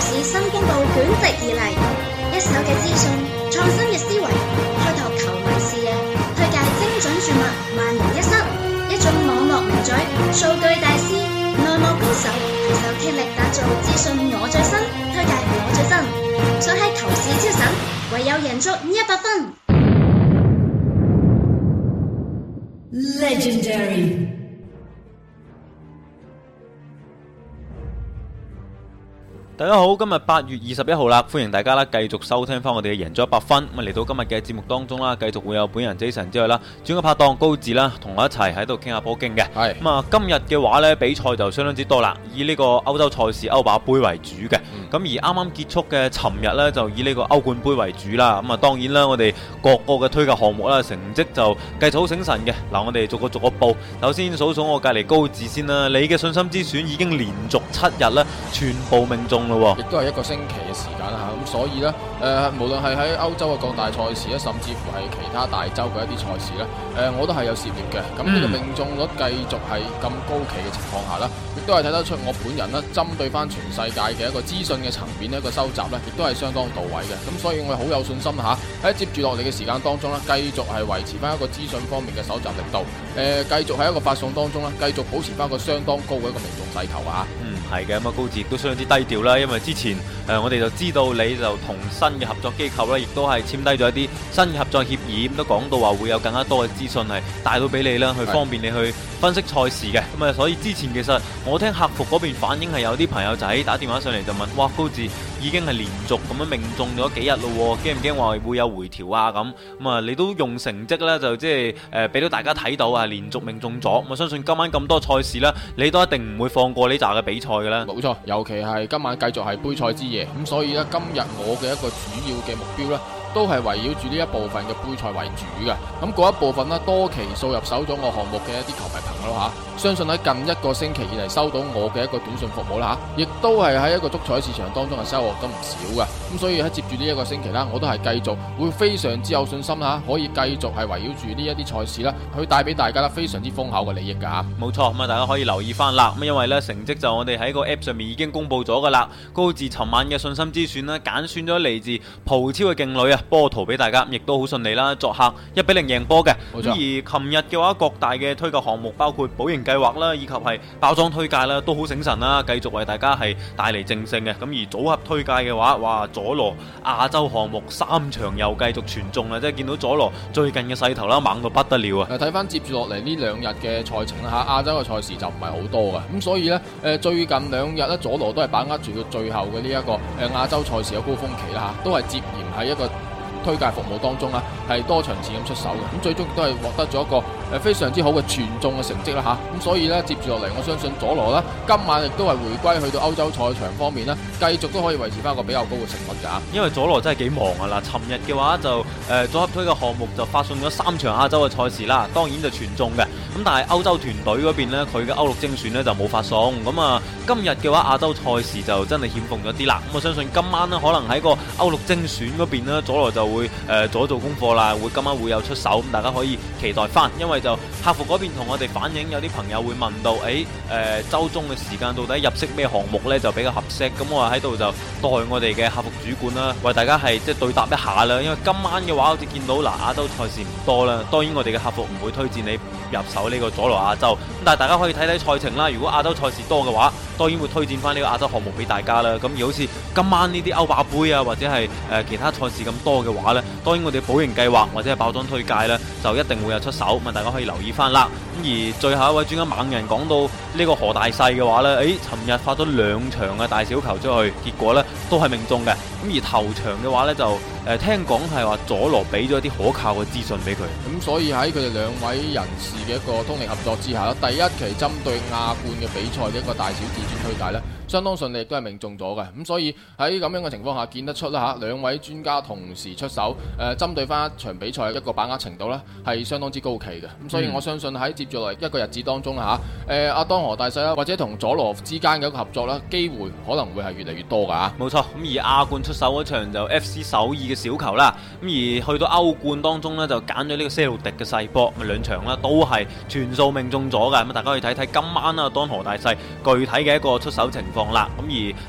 市新公佈，捲席而嚟，一手嘅資訊，創新嘅思維，開拓球迷視野，推介精準注物，萬無一失。一種網絡名嘴，數據大師，內幕高手，攜手傾力打造資訊我最新，推介我最新，想喺投市超神，唯有贏足一百分。Legendary。大家好，今日八月二十一號啦，歡迎大家啦，繼續收聽翻我哋嘅贏足 100FUN。咁嚟到今日嘅節目當中啦，繼續會有本人 Jason 之外啦，轉個拍檔高志啦，同我一齊喺度傾下波經嘅。係咁啊，今日嘅話呢，比賽就相當之多啦，以呢個歐洲賽事歐霸杯為主嘅。咁、嗯、而啱啱結束嘅尋日呢，就以呢個歐冠杯為主啦。咁啊，當然啦，我哋各個嘅推介項目啦，成績就繼續好醒神嘅。嗱，我哋逐個逐個報，首先數數我隔籬高志先啦，你嘅信心之選已經連續七日咧，全部命中。亦都係一個星期嘅時間吓，咁所以呢，誒、呃，無論係喺歐洲嘅各大賽事咧，甚至乎係其他大洲嘅一啲賽事呢，誒、呃，我都係有涉獵嘅。咁呢個命中率繼續係咁高企嘅情況下呢，亦都係睇得出我本人咧，針對翻全世界嘅一個資訊嘅層面一個收集呢，亦都係相當到位嘅。咁所以我好有信心吓，喺、啊、接住落嚟嘅時間當中呢，繼續係維持翻一個資訊方面嘅搜集力度，誒、呃，繼續喺一個發送當中呢，繼續保持翻一個相當高嘅一個命中勢頭啊！係嘅，咁啊高亦都相當之低調啦，因為之前、呃、我哋就知道你就同新嘅合作機構咧，亦都係簽低咗一啲新嘅合作協議，咁都講到話會有更加多嘅資訊係帶到俾你啦，去方便你去分析賽事嘅咁啊，所以之前其實我聽客服嗰邊反映係有啲朋友仔打電話上嚟就問，哇高志已經係連續咁樣命中咗幾日咯，驚唔驚話會有回調啊咁咁啊？你都用成績呢，就即係誒俾到大家睇到啊，連續命中咗，咁、嗯、我、嗯、相信今晚咁多賽事呢，你都一定唔會放過呢紮嘅比賽嘅啦。冇錯，尤其係今晚繼續係杯賽之夜，咁所以呢，今日我嘅一個主要嘅目標呢，都係圍繞住呢一部分嘅杯賽為主嘅，咁嗰一部分呢，多期數入手咗我項目嘅一啲球迷朋友吓，相信喺近一個星期以嚟收到我嘅一個短信服務啦吓，亦、啊、都係喺一個足彩市場當中係收穫得唔少嘅，咁、啊、所以喺接住呢一個星期啦，我都係繼續會非常之有信心吓、啊，可以繼續係圍繞住呢一啲賽事啦，去帶俾大家啦非常之豐厚嘅利益噶吓，冇錯咁啊，大家可以留意翻啦，咁因為呢，成績就我哋喺個 app 上面已經公布咗噶啦，高自尋晚嘅信心之選呢，揀選咗嚟自葡超嘅勁旅。啊！波圖俾大家，亦都好順利啦，作客一比零贏波嘅。咁冇錯而琴日嘅話，各大嘅推介項目包括保營計劃啦，以及係包裝推介啦，都好醒神啦，繼續為大家係帶嚟正勝嘅。咁而組合推介嘅話，哇，佐羅亞洲項目三場又繼續全中啦，即係見到佐羅最近嘅勢頭啦，猛到不得了啊！睇翻、呃、接住落嚟呢兩日嘅賽程啦，吓亞洲嘅賽事就唔係好多嘅，咁、嗯、所以呢，誒、呃、最近兩日呢，佐羅都係把握住個最後嘅呢一個誒亞、呃、洲賽事嘅高峰期啦，吓都係接連喺一個。推介服務當中啦，係多層次咁出手嘅，咁最終都係獲得咗一個非常之好嘅全中嘅成績啦吓，咁、啊、所以咧接住落嚟，我相信佐羅啦，今晚亦都係回歸去到歐洲賽場方面咧，繼續都可以維持翻個比較高嘅成績㗎。因為佐羅真係幾忙啊啦，尋日嘅話就誒組合推嘅項目，就發送咗三場亞洲嘅賽事啦，當然就全中嘅。咁但係歐洲團隊嗰邊咧，佢嘅歐陸精選咧就冇發送。咁啊，今日嘅話亞洲賽事就真係欠奉咗啲啦。咁我相信今晚咧可能喺個歐陸精選嗰邊咧，佐羅就會誒、呃、做一做功課啦，會今晚會有出手，咁大家可以期待翻，因為。就客服嗰邊同我哋反映，有啲朋友會問到，誒，誒、呃，周中嘅時間到底入息咩項目咧就比較合適？咁我喺度就代我哋嘅客服主管啦、啊，為大家係即係對答一下啦。因為今晚嘅話，好似見到嗱、呃、亞洲賽事唔多啦，當然我哋嘅客服唔會推薦你入手呢個佐羅亞洲，但係大家可以睇睇賽程啦。如果亞洲賽事多嘅話，當然會推薦翻呢個亞洲項目俾大家啦。咁而好似今晚呢啲歐霸杯啊，或者係誒、呃、其他賽事咁多嘅話咧，當然我哋保盈計劃或者係包裝推介啦，就一定會有出手。問大家。可以留意翻啦，咁而最後一位專家猛人講到呢個何大細嘅話呢，誒，尋日發咗兩場嘅大小球出去，結果呢都係命中嘅。咁而頭場嘅話呢，就誒聽講係話佐羅俾咗啲可靠嘅資訊俾佢，咁所以喺佢哋兩位人士嘅一個通力合作之下，第一期針對亞冠嘅比賽呢一個大小至尊推介呢。相當順利，亦都係命中咗嘅。咁所以喺咁樣嘅情況下，見得出啦嚇，兩位專家同時出手，誒、呃、針對翻一場比賽的一個把握程度呢係相當之高企嘅。咁所以我相信喺接住嚟一個日子當中啦嚇，阿、呃、當河大勢啦，或者同佐羅之間嘅一個合作啦，機會可能會係越嚟越多噶嚇、啊。冇錯，咁而亞冠出手嗰場就 FC 首爾嘅小球啦，咁而去到歐冠當中呢，就揀咗呢個西路迪嘅細波，兩場呢都係全數命中咗嘅。咁大家可以睇睇今晚啊，當河大勢具體嘅一個出手情況。啦，咁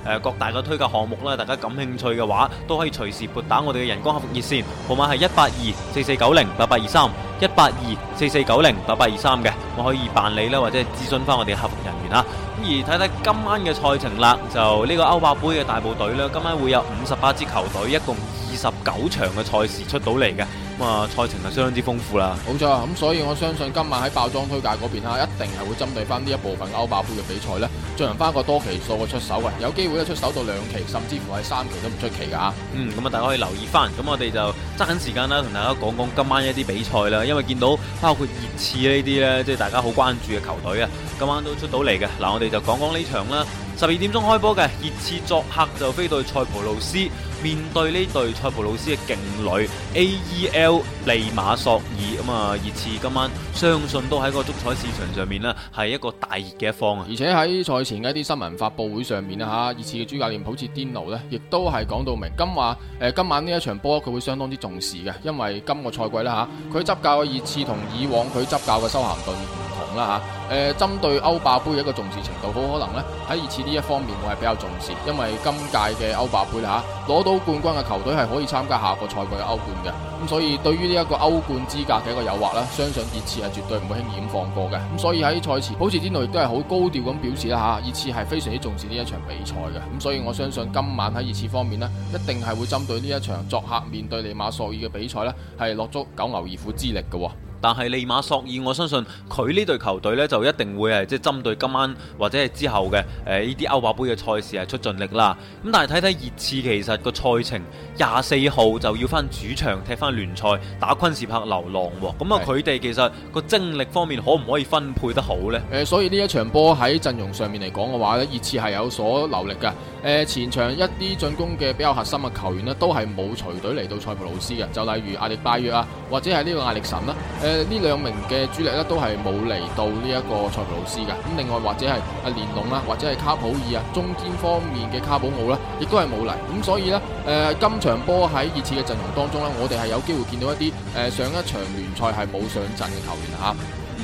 而誒各大嘅推介項目咧，大家感興趣嘅話，都可以隨時撥打我哋嘅人工客服熱線，號碼係一八二四四九零八八二三，一八二四四九零八八二三嘅，我可以辦理呢，或者諮詢翻我哋客服人員啦。咁而睇睇今晚嘅賽程啦，就呢個歐霸杯嘅大部隊呢，今晚會有五十八支球隊，一共十九場嘅賽事出到嚟嘅，咁啊賽程係相當之豐富啦。冇錯，咁所以我相信今晚喺爆莊推介嗰邊啊，一定係會針對翻呢一部分歐霸杯嘅比賽呢進行翻一個多期數嘅出手嘅，有機會一出手到兩期，甚至乎係三期都唔出奇噶吓、啊。嗯，咁啊大家可以留意翻，咁我哋就揸緊時間啦，同大家講講今晚一啲比賽啦。因為見到包括熱刺呢啲呢，即係大家好關注嘅球隊啊，今晚都出到嚟嘅。嗱，我哋就講講呢場啦。十二點鐘開波嘅熱刺作客就飛到塞浦路斯，面對呢對塞浦路斯嘅勁旅 A.E.L. 利馬索爾咁啊！熱刺今晚相信都喺個足彩市場上面咧係一個大熱嘅一方啊！而且喺賽前嘅一啲新聞發佈會上面啊嚇，熱刺嘅主教練好似顛奴，咧，亦都係講到明今晚誒今晚呢、呃、一場波佢會相當之重視嘅，因為今個賽季咧嚇佢執教嘅熱刺同以往佢執教嘅修咸頓，啦吓，誒，針對歐霸盃嘅一個重視程度，好可能呢喺熱刺呢一方面我係比較重視，因為今屆嘅歐霸盃吓，攞到冠軍嘅球隊係可以參加下個賽季嘅歐冠嘅，咁所以對於呢一個歐冠資格嘅一個誘惑咧，相信熱刺係絕對唔會輕易放過嘅，咁所以喺賽前好似呢度亦都係好高調咁表示啦吓，熱刺係非常之重視呢一場比賽嘅，咁所以我相信今晚喺熱刺方面咧，一定係會針對呢一場作客面對利馬索爾嘅比賽咧，係落足九牛二虎之力嘅。但係利馬索爾，我相信佢呢隊球隊呢，就一定會係即係針對今晚或者係之後嘅誒呢啲歐霸盃嘅賽事係出盡力啦。咁但係睇睇熱刺其實個賽程廿四號就要翻主場踢翻聯賽打昆士柏流浪，咁啊佢哋其實個精力方面可唔可以分配得好呢？誒、呃，所以呢一場波喺陣容上面嚟講嘅話，熱熱刺係有所留力㗎。誒、呃，前場一啲進攻嘅比較核心嘅球員呢，都係冇隨隊嚟到塞浦路斯嘅，就例如阿力拜約啊，或者係呢個阿力神啦、啊。呃誒，呢、呃、兩名嘅主力咧都係冇嚟到呢一個塞浦路斯嘅，咁另外或者係阿連龍啦，或者係卡普爾啊，中堅方面嘅卡普奧咧，亦都係冇嚟，咁所以咧，誒、呃，今場波喺熱刺嘅陣容當中咧，我哋係有機會見到一啲誒上一場聯賽係冇上陣嘅球員吓。啊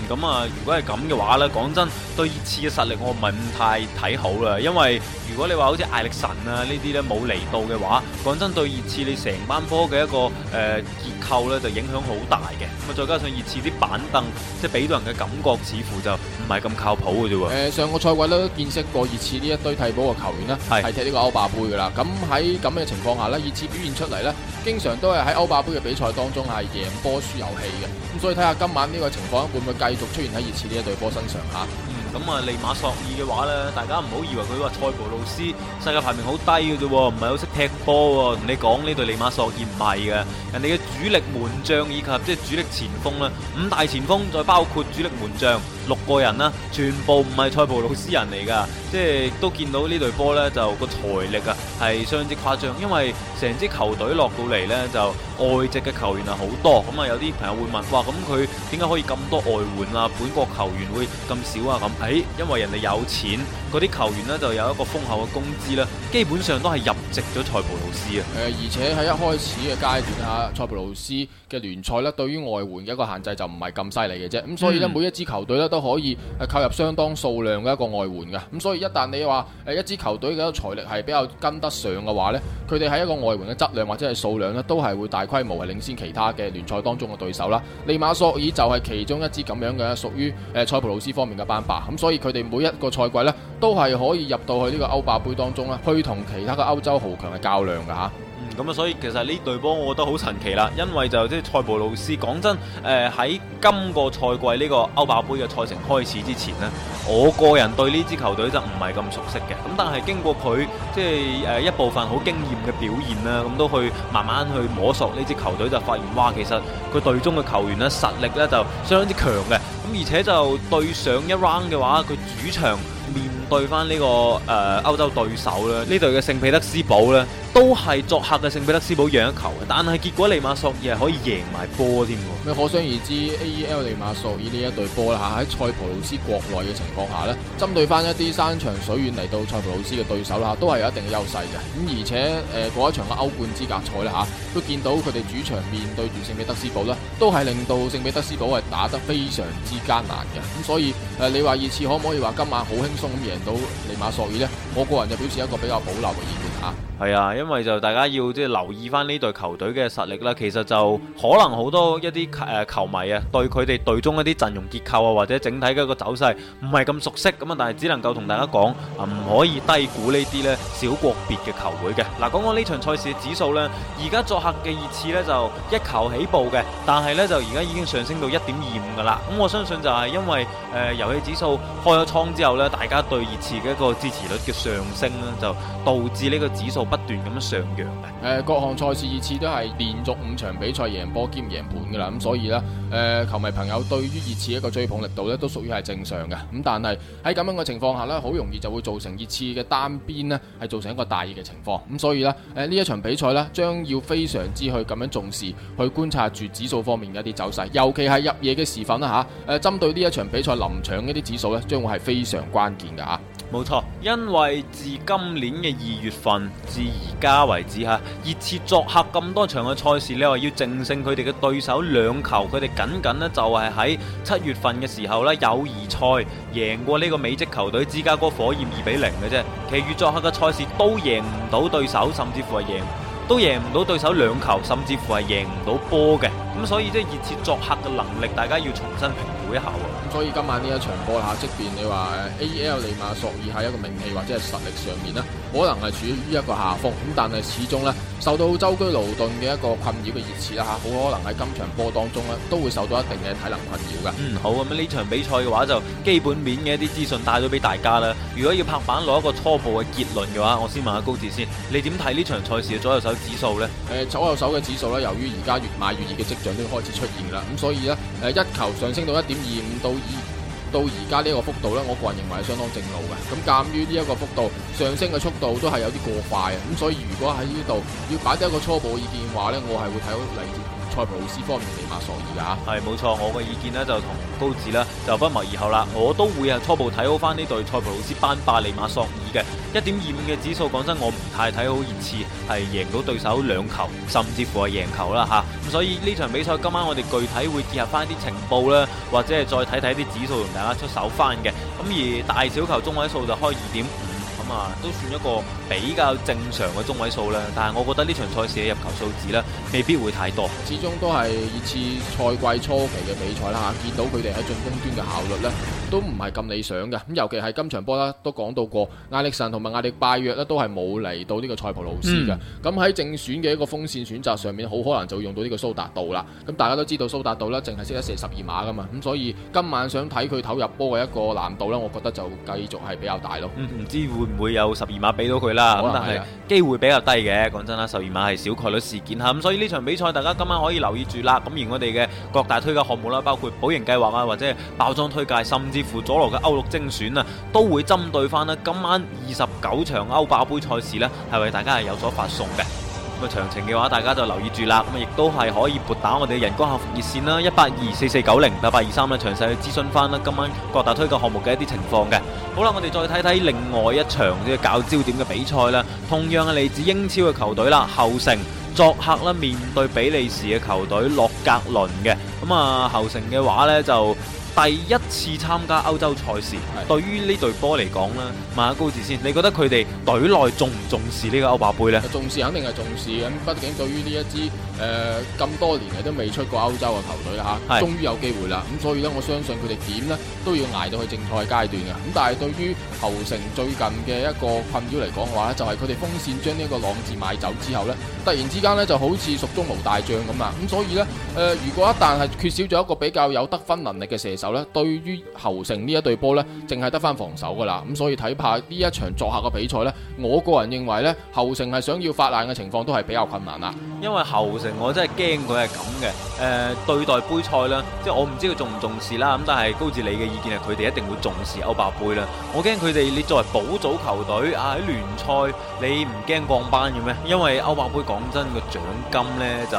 咁啊，如果係咁嘅話咧，講真對熱刺嘅實力，我唔係咁太睇好啦。因為如果你話好似艾力神啊呢啲咧冇嚟到嘅話，講真對熱刺你成班波嘅一個誒、呃、結構咧，就影響好大嘅。咁啊，再加上熱刺啲板凳即係俾到人嘅感覺，似乎就唔係咁靠譜嘅啫喎。誒，上個賽季咧都見識過熱刺呢一堆替補嘅球員啦，係是踢呢個歐霸杯噶啦。咁喺咁嘅情況下咧，熱刺表現出嚟咧。經常都係喺歐霸杯嘅比賽當中係贏波輸遊戲嘅，咁所以睇下今晚呢個情況會唔會繼續出現喺熱刺呢一隊波身上吓。嗯，咁啊利馬索爾嘅話咧，大家唔好以為佢話塞浦路斯世界排名好低嘅啫，唔係好識踢波。同你講，呢隊利馬索爾唔係嘅，人哋嘅主力門將以及即係主力前鋒咧，五大前鋒再包括主力門將。六個人啦，全部唔係塞浦路斯人嚟噶，即係都見到呢隊波呢，就個財力啊係相當之誇張，因為成支球隊落到嚟呢，就外籍嘅球員係好多，咁啊有啲朋友會問哇，咁佢點解可以咁多外援啊？本國球員會咁少啊？咁、哎、誒，因為人哋有錢。嗰啲球員呢，就有一個豐厚嘅工資啦，基本上都係入籍咗塞浦路斯啊。誒，而且喺一開始嘅階段啊，塞浦路斯嘅聯賽咧，對於外援嘅一個限制就唔係咁犀利嘅啫。咁所以呢，每一支球隊咧都可以係購入相當數量嘅一個外援嘅。咁所以一旦你話誒一支球隊嘅財力係比較跟得上嘅話呢，佢哋喺一個外援嘅質量或者係數量咧，都係會大規模係領先其他嘅聯賽當中嘅對手啦。利馬索爾就係其中一支咁樣嘅屬於誒塞浦路斯方面嘅班霸。咁所以佢哋每一個賽季咧，都係可以入到去呢個歐霸盃當中咧，去同其他嘅歐洲豪強嘅較量噶吓、啊。嗯，咁啊，所以其實呢隊波我覺得好神奇啦，因為就即係塞浦路斯，講真，誒喺今個賽季呢個歐霸盃嘅賽程開始之前呢，我個人對呢支球隊就唔係咁熟悉嘅。咁但係經過佢即係誒一部分好驚艷嘅表現啦，咁都去慢慢去摸索呢支球隊就發現，哇，其實佢隊中嘅球員呢實力呢就相當之強嘅。咁而且就對上一 round 嘅話，佢主場。對翻、這、呢個誒歐洲、呃、對手啦，呢隊嘅聖彼得斯堡咧。都係作客嘅聖彼得斯堡讓一球，但係結果利馬索爾係可以贏埋波添。咁可想而知，AEL 利馬索爾呢一隊波啦吓，喺塞浦路斯國內嘅情況下咧，針對翻一啲山長水遠嚟到塞浦路斯嘅對手啦，都係有一定嘅優勢嘅。咁而且誒，一、呃、嗰場嘅歐冠資格賽啦吓，都見到佢哋主場面對住聖彼得斯堡啦，都係令到聖彼得斯堡係打得非常之艱難嘅。咁所以誒，你話二次可唔可以話今晚好輕鬆咁贏到利馬索爾呢？我個人就表示一個比較保留嘅意見吓。係啊，因為就大家要即係留意翻呢隊球隊嘅實力啦。其實就可能好多一啲誒、呃、球迷啊，對佢哋隊中一啲陣容結構啊，或者整體嘅一個走勢唔係咁熟悉咁啊。但係只能夠同大家講，唔可以低估呢啲呢小國別嘅球會嘅。嗱，講講呢場賽事嘅指數呢，而家作客嘅熱刺呢，就一球起步嘅，但係呢，就而家已經上升到一點二五噶啦。咁我相信就係因為誒遊戲指數開咗倉之後呢，大家對熱刺嘅一個支持率嘅上升呢，就導致呢個指數。不斷咁樣上揚嘅，誒、呃，各項賽事熱刺都係連續五場比賽贏波兼贏盤噶啦，咁所以呢，誒、呃，球迷朋友對於熱刺一個追捧力度呢都屬於係正常嘅，咁但係喺咁樣嘅情況下呢，好容易就會造成熱刺嘅單邊呢係造成一個大熱嘅情況，咁所以呢，誒、呃，呢一場比賽呢將要非常之去咁樣重視去觀察住指數方面嘅一啲走勢，尤其係入夜嘅時分啦吓，誒、啊，針對呢一場比賽臨場一啲指數呢，將會係非常關鍵嘅啊。冇錯，因為自今年嘅二月份至而家為止吓，熱刺作客咁多場嘅賽事，你話要淨勝佢哋嘅對手兩球，佢哋僅僅呢就係喺七月份嘅時候呢友誼賽贏過呢個美職球隊芝加哥火焰二比零嘅啫，其餘作客嘅賽事都贏唔到對手，甚至乎係贏都贏唔到對手兩球，甚至乎係贏唔到波嘅，咁所以即係熱刺作客嘅能力，大家要重新評。一下喎，所以今晚呢一場波下，即便你話 AEL 利馬索爾喺一個名氣或者係實力上面啦。可能係處於一個下風，咁但係始終呢受到周居勞頓嘅一個困擾嘅熱刺啦吓，好可能喺今場波當中呢都會受到一定嘅體能困擾嘅，嗯。嗯，好，咁呢場比賽嘅話就基本面嘅一啲資訊帶咗俾大家啦。如果要拍板攞一個初步嘅結論嘅話，我先問下高志先，你點睇呢場賽事嘅左右手指數呢？誒，左右手嘅指數呢？由於而家越買越熱嘅跡象都開始出現啦，咁所以呢，誒一球上升到一點二五到二。到而家呢個幅度咧，我個人認為係相當正路嘅。咁鑑於呢一個幅度上升嘅速度都係有啲過快啊，咁所以如果喺呢度要擺出一個初步的意見嘅話咧，我係會睇好嚟。塞浦路斯方面，利馬索爾啊，係冇錯，我嘅意見呢，就同高子啦，就不謀而合啦。我都會啊初步睇好翻呢隊塞浦路斯班霸利馬索爾嘅一點二五嘅指數，講真我唔太睇好熱刺係贏到對手兩球，甚至乎係贏球啦吓。咁、啊、所以呢場比賽今晚我哋具體會結合翻啲情報啦，或者係再睇睇啲指數，同大家出手翻嘅。咁而大小球中位數就開二點。嗯、都算一個比較正常嘅中位數啦。但係我覺得呢場賽事嘅入球數字咧，未必會太多。始終都係二次賽季初期嘅比賽啦，見到佢哋喺進攻端嘅效率咧，都唔係咁理想嘅。咁尤其係今場波啦，都講到過，亞歷臣同埋亞歷拜約咧，都係冇嚟到呢個賽普路斯嘅。咁喺、嗯、正選嘅一個鋒線選擇上面，好可能就用到呢個蘇達道啦。咁大家都知道蘇達道咧，淨係識得射十二碼噶嘛。咁所以今晚想睇佢投入波嘅一個難度咧，我覺得就繼續係比較大咯。唔、嗯、知換？會會有十二碼俾到佢啦，咁但係機會比較低嘅，講真啦，十二碼係小概率事件嚇，咁所以呢場比賽大家今晚可以留意住啦。咁而我哋嘅各大推介項目啦，包括保營計劃啊，或者係爆裝推介，甚至乎佐羅嘅歐陸精選啊，都會針對翻呢，今晚二十九場歐霸杯賽事呢，係為大家係有所發送嘅。咁啊，詳情嘅話，大家就留意住啦。咁亦都係可以撥打我哋嘅人工客服熱線啦，一八二四四九零八八二三啦，詳細去諮詢翻啦。今晚各大推介項目嘅一啲情況嘅。好啦，我哋再睇睇另外一場嘅搞焦點嘅比賽啦。同樣係嚟自英超嘅球隊啦，侯城作客啦，面對比利時嘅球隊洛格倫嘅。咁啊，侯城嘅話咧就。第一次參加歐洲賽事，的對於這對來呢隊波嚟講咧，問下高志先，你覺得佢哋隊內重唔重視呢個歐霸杯咧？重視肯定係重視，咁畢竟對於呢一支誒咁、呃、多年嚟，都未出過歐洲嘅球隊啦吓，啊、的終於有機會啦。咁所以咧，我相信佢哋點咧都要捱到去正賽階段嘅。咁但係對於侯城最近嘅一個困擾嚟講嘅話咧，就係佢哋風扇將呢個朗治買走之後咧，突然之間咧就好似蜀中無大將咁啊。咁所以咧，誒、呃、如果一旦係缺少咗一個比較有得分能力嘅射手，啦，對於侯城這一呢一隊波呢淨係得翻防守噶啦，咁所以睇怕呢一場作客嘅比賽呢，我個人認為呢，侯城係想要發爛嘅情況都係比較困難啦。因為侯城我真係驚佢係咁嘅，誒、呃、對待杯賽咧，即係我唔知佢重唔重視啦。咁但係高志你嘅意見係佢哋一定會重視歐霸杯啦。我驚佢哋你作為保組球隊啊，喺聯賽你唔驚降班嘅咩？因為歐霸杯講真個獎金呢就。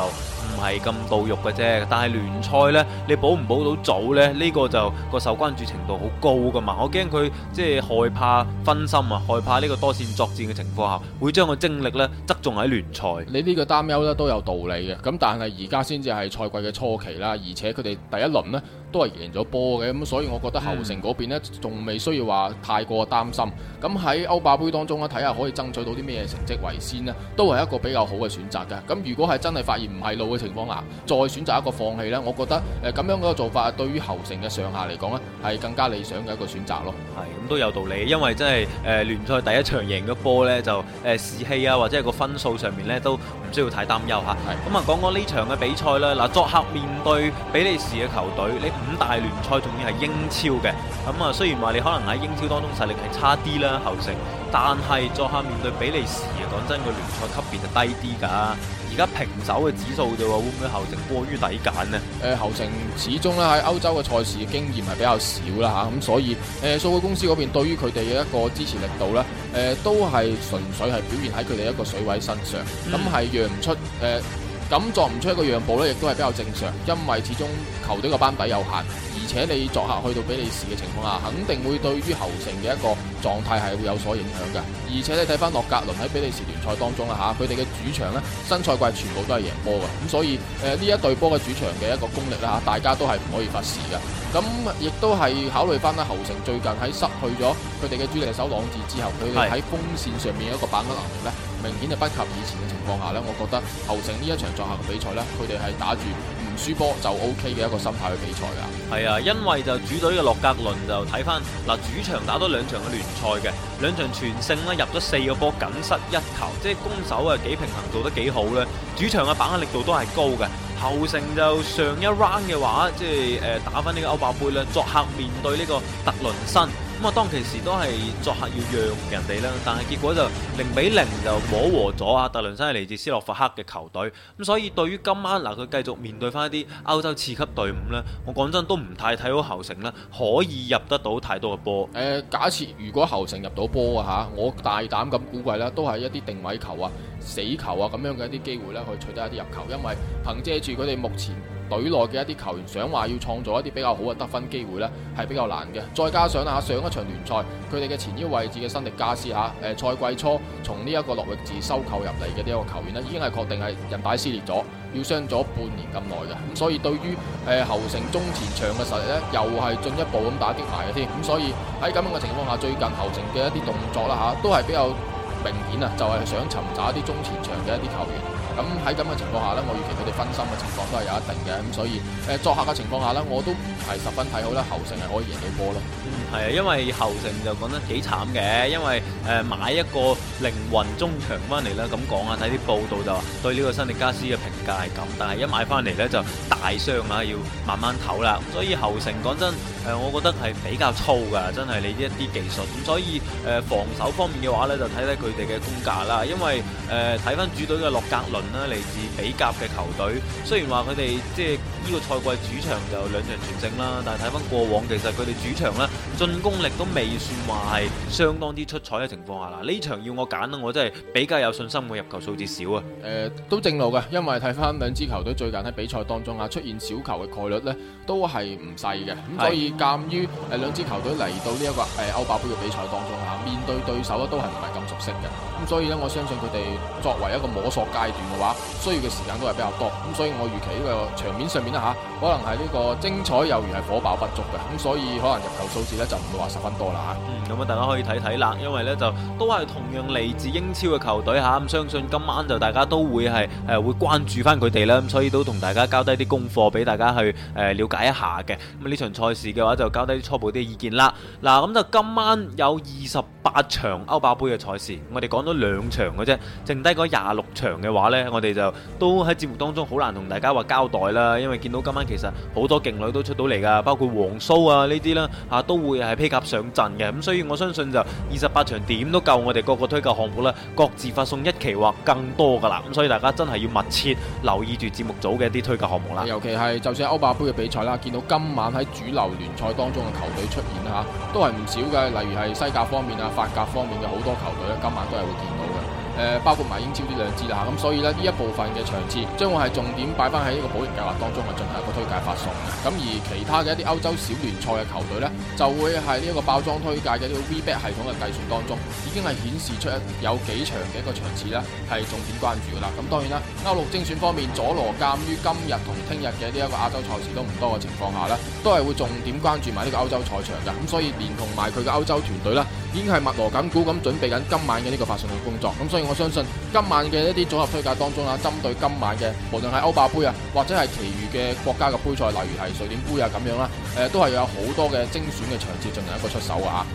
唔係咁到肉嘅啫，但係聯賽呢，你保唔保到組呢？呢個就個受關注程度好高噶嘛。我驚佢即係害怕分心啊，害怕呢個多線作戰嘅情況下，會將個精力呢側重喺聯賽。聯賽你呢個擔憂呢都有道理嘅。咁但係而家先至係賽季嘅初期啦，而且佢哋第一輪呢。都係贏咗波嘅，咁所以我覺得侯城嗰邊呢，仲未需要話太過擔心。咁喺歐霸盃當中呢，睇下可以爭取到啲咩成績為先呢，都係一個比較好嘅選擇嘅。咁如果係真係發現唔係路嘅情況下，再選擇一個放棄呢，我覺得誒，咁樣嘅做法對於侯城嘅上下嚟講呢，係更加理想嘅一個選擇咯。係，咁都有道理，因為真係誒、呃、聯賽第一場贏咗波呢，就誒、呃、士氣啊或者係個分數上面呢，都唔需要太擔憂吓。咁啊講講呢場嘅比賽啦，嗱作客面對比利時嘅球隊你五大聯賽仲要係英超嘅，咁、嗯、啊雖然話你可能喺英超當中實力係差啲啦，侯城，但係作客面對比利時啊，講真個聯賽級別就低啲噶。而家平手嘅指數就喎，會唔會侯城過於抵揀呢？誒、呃，侯城始終咧喺歐洲嘅賽事經驗係比較少啦吓，咁所以誒，數、呃、據公司嗰邊對於佢哋嘅一個支持力度咧，誒、呃，都係純粹係表現喺佢哋一個水位身上，咁係、嗯、讓唔出誒。呃咁做唔出一個讓步呢，亦都係比較正常，因為始終球隊個班底有限。而且你作客去到比利時嘅情況下，肯定會對於侯城嘅一個狀態係會有所影響嘅。而且你睇翻洛格倫喺比利時聯賽當中啦吓，佢哋嘅主場咧新賽季全部都係贏波嘅。咁所以誒呢、呃、一隊波嘅主場嘅一個功力啦吓，大家都係唔可以忽視嘅。咁亦都係考慮翻啦，侯城最近喺失去咗佢哋嘅主力手朗字之後，佢哋喺鋒線上面一個把握能力咧，明顯就不及以前嘅情況下咧，我覺得侯城呢一場作客嘅比賽咧，佢哋係打住輸波就 O K 嘅一個心態去比賽噶，係啊，因為就主隊嘅洛格倫就睇翻嗱，主場打多兩場嘅聯賽嘅，兩場全勝呢，入咗四個波，僅失一球，即係攻守啊幾平衡，做得幾好呢。主場嘅把握力度都係高嘅，後勝就上一 round 嘅話，即係誒、呃、打翻呢個歐霸杯咧，作客面對呢個特倫身。咁啊，當其時都係作客要讓人哋啦，但係結果就零比零就磨和咗，阿特倫森係嚟自斯洛伐克嘅球隊，咁所以對於今晚嗱佢繼續面對翻一啲歐洲次級隊伍呢，我講真都唔太睇好侯城呢可以入得到太多嘅波。誒、呃，假設如果侯城入到波嘅吓，我大膽咁估計咧，都係一啲定位球啊、死球啊咁樣嘅一啲機會呢，去取得一啲入球，因為憑借住佢哋目前。隊內嘅一啲球員想話要創造一啲比較好嘅得分機會呢，係比較難嘅。再加上啊，上一場聯賽佢哋嘅前腰位置嘅新力加斯嚇，誒、呃、賽季初從呢一個諾域治收購入嚟嘅呢一個球員呢，已經係確定係韌帶撕裂咗，要傷咗半年咁耐嘅。咁所以對於誒侯城中前場嘅實力呢，又係進一步咁打擊埋嘅添。咁所以喺咁樣嘅情況下，最近侯城嘅一啲動作啦嚇，都係比較明顯啊，就係想尋找一啲中前場嘅一啲球員。咁喺咁嘅情況下咧，我預期佢哋分心嘅情況都係有一定嘅，咁所以作客嘅情況下咧，我都係十分睇好咧。侯城係可以贏到波咯，嗯，係啊，因為侯城就講得幾慘嘅，因為誒、呃、買一個靈魂中場翻嚟啦，咁講啊，睇啲報道就話對呢個新利加斯嘅評價係咁，但係一買翻嚟咧就大傷啊，要慢慢唞啦。所以侯城講真我覺得係比較粗噶，真係你一啲技術咁，所以、呃、防守方面嘅話咧，就睇睇佢哋嘅功架啦，因為睇翻、呃、主隊嘅洛格倫。嚟自比甲嘅球隊，雖然話佢哋即係呢、這個賽季主場就兩場全勝啦，但係睇翻過往，其實佢哋主場咧進攻力都未算話係相當之出彩嘅情況下啦。呢場要我揀啦，我真係比較有信心會入球數字少啊。誒、呃，都正路嘅，因為睇翻兩支球隊最近喺比賽當中啊，出現小球嘅概率，咧都係唔細嘅。咁是所以鑒於誒兩支球隊嚟到呢、這、一個誒歐霸盃嘅比賽當中啊，面對對手咧都係唔係咁熟悉嘅。咁所以咧，我相信佢哋作為一個摸索階段。嘅話，需要嘅時間都係比較多，咁所以我預期呢個場面上面啦，吓、啊，可能係呢個精彩有餘，係火爆不足嘅，咁所以可能入球數字呢，就唔會話十分多啦吓。嗯，咁啊大家可以睇睇啦，因為呢，就都係同樣嚟自英超嘅球隊吓，咁、啊嗯、相信今晚就大家都會係誒、呃、會關注翻佢哋啦，咁、啊、所以都同大家交低啲功課俾大家去誒了解一下嘅。咁、嗯、呢場賽事嘅話就交低初步啲意見啦。嗱、啊，咁就今晚有二十八場歐霸盃嘅賽事，我哋講咗兩場嘅啫，剩低嗰廿六場嘅話呢。我哋就都喺節目當中好難同大家話交代啦，因為見到今晚其實好多勁女都出到嚟噶，包括黃蘇啊呢啲啦，吓都會係披甲上陣嘅，咁所以我相信就二十八場點都夠我哋各個推介項目啦，各自發送一期或更多噶啦，咁所以大家真係要密切留意住節目組嘅一啲推介項目啦。尤其係就算歐霸杯嘅比賽啦，見到今晚喺主流聯賽當中嘅球隊出現吓，都係唔少嘅，例如係西甲方面啊、法甲方面嘅好多球隊咧，今晚都係會。誒，包括埋英超呢兩支啦，咁所以咧呢一部分嘅場次，將會係重點擺翻喺呢個保齡計劃當中去進行一個推介發送嘅。咁而其他嘅一啲歐洲小聯賽嘅球隊呢，就會係呢一個包裝推介嘅呢個 V Back 系統嘅計算當中，已經係顯示出有幾場嘅一個場次呢係重點關注㗎啦。咁當然啦，歐陸精選方面，佐羅鑑於今日同聽日嘅呢一個亞洲賽事都唔多嘅情況下呢，都係會重點關注埋呢個歐洲賽場嘅。咁所以連同埋佢嘅歐洲團隊啦。已經係密鑼緊鼓咁準備緊今晚嘅呢個發送嘅工作，咁所以我相信今晚嘅一啲組合推介當中啦，啊，針對今晚嘅無論係歐霸盃啊，或者係其餘嘅國家嘅盃賽，例如係瑞典盃啊咁樣啦，啊，誒都係有好多嘅精選嘅場次進行一個出手啊！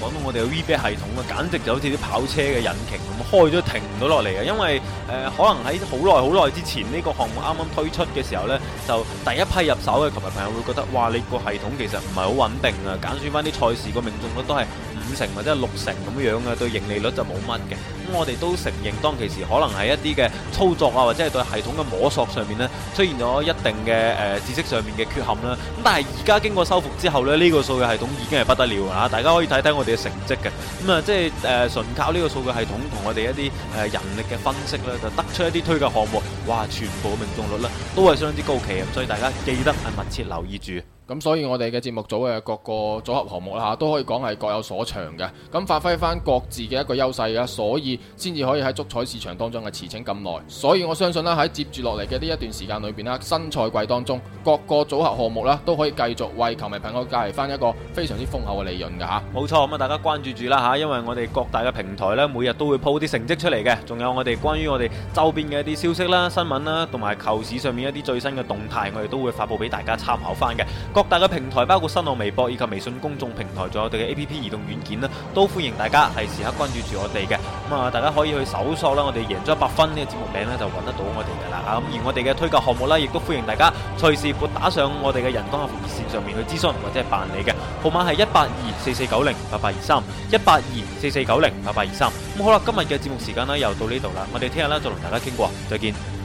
講到我哋嘅 VBA 系統啊，簡直就好似啲跑車嘅引擎。開咗停唔到落嚟啊，因為誒、呃、可能喺好耐好耐之前呢、這個項目啱啱推出嘅時候呢，就第一批入手嘅球迷朋友會覺得，哇！你個系統其實唔係好穩定啊，揀選翻啲賽事個命中率都係五成或者係六成咁樣樣啊，對盈利率就冇乜嘅。我哋都承認，當其時可能係一啲嘅操作啊，或者係對系統嘅摸索上面呢，出現咗一定嘅誒、呃、知識上面嘅缺陷啦。咁但係而家經過修復之後呢，呢、這個數據系統已經係不得了啊！大家可以睇睇我哋嘅成績嘅。咁啊、就是，即係誒純靠呢個數據系統同我哋一啲誒、呃、人力嘅分析咧，就得出一啲推介項目。哇，全部命中率呢都係相當之高企，所以大家記得係密切留意住。咁所以我哋嘅節目組嘅各個組合項目啦吓，都可以講係各有所長嘅，咁發揮翻各自嘅一個優勢啊，所以先至可以喺足彩市場當中嘅馳騁咁耐。所以我相信啦，喺接住落嚟嘅呢一段時間裏邊啦，新賽季當中，各個組合項目啦，都可以繼續為球迷朋友帶嚟翻一個非常之豐厚嘅利潤嘅吓。冇錯咁啊，大家關注住啦吓，因為我哋各大嘅平台咧，每日都會鋪啲成績出嚟嘅，仲有我哋關於我哋周邊嘅一啲消息啦、新聞啦，同埋球市上面一啲最新嘅動態，我哋都會發佈俾大家參考翻嘅。各大嘅平台，包括新浪微博以及微信公眾平台，仲有我哋嘅 A P P 移動軟件咧，都歡迎大家係時刻關注住我哋嘅。咁啊，大家可以去搜索啦，我哋贏足一百分呢個節目名咧，就揾得到我哋嘅啦。咁而我哋嘅推介項目咧，亦都歡迎大家隨時撥打上我哋嘅人工嘅熱線上面去諮詢或者係辦理嘅。號碼係一八二四四九零八八二三，一八二四四九零八八二三。咁好啦，今日嘅節目時間咧又到呢度啦，我哋聽日呢，就同大家傾過，再見。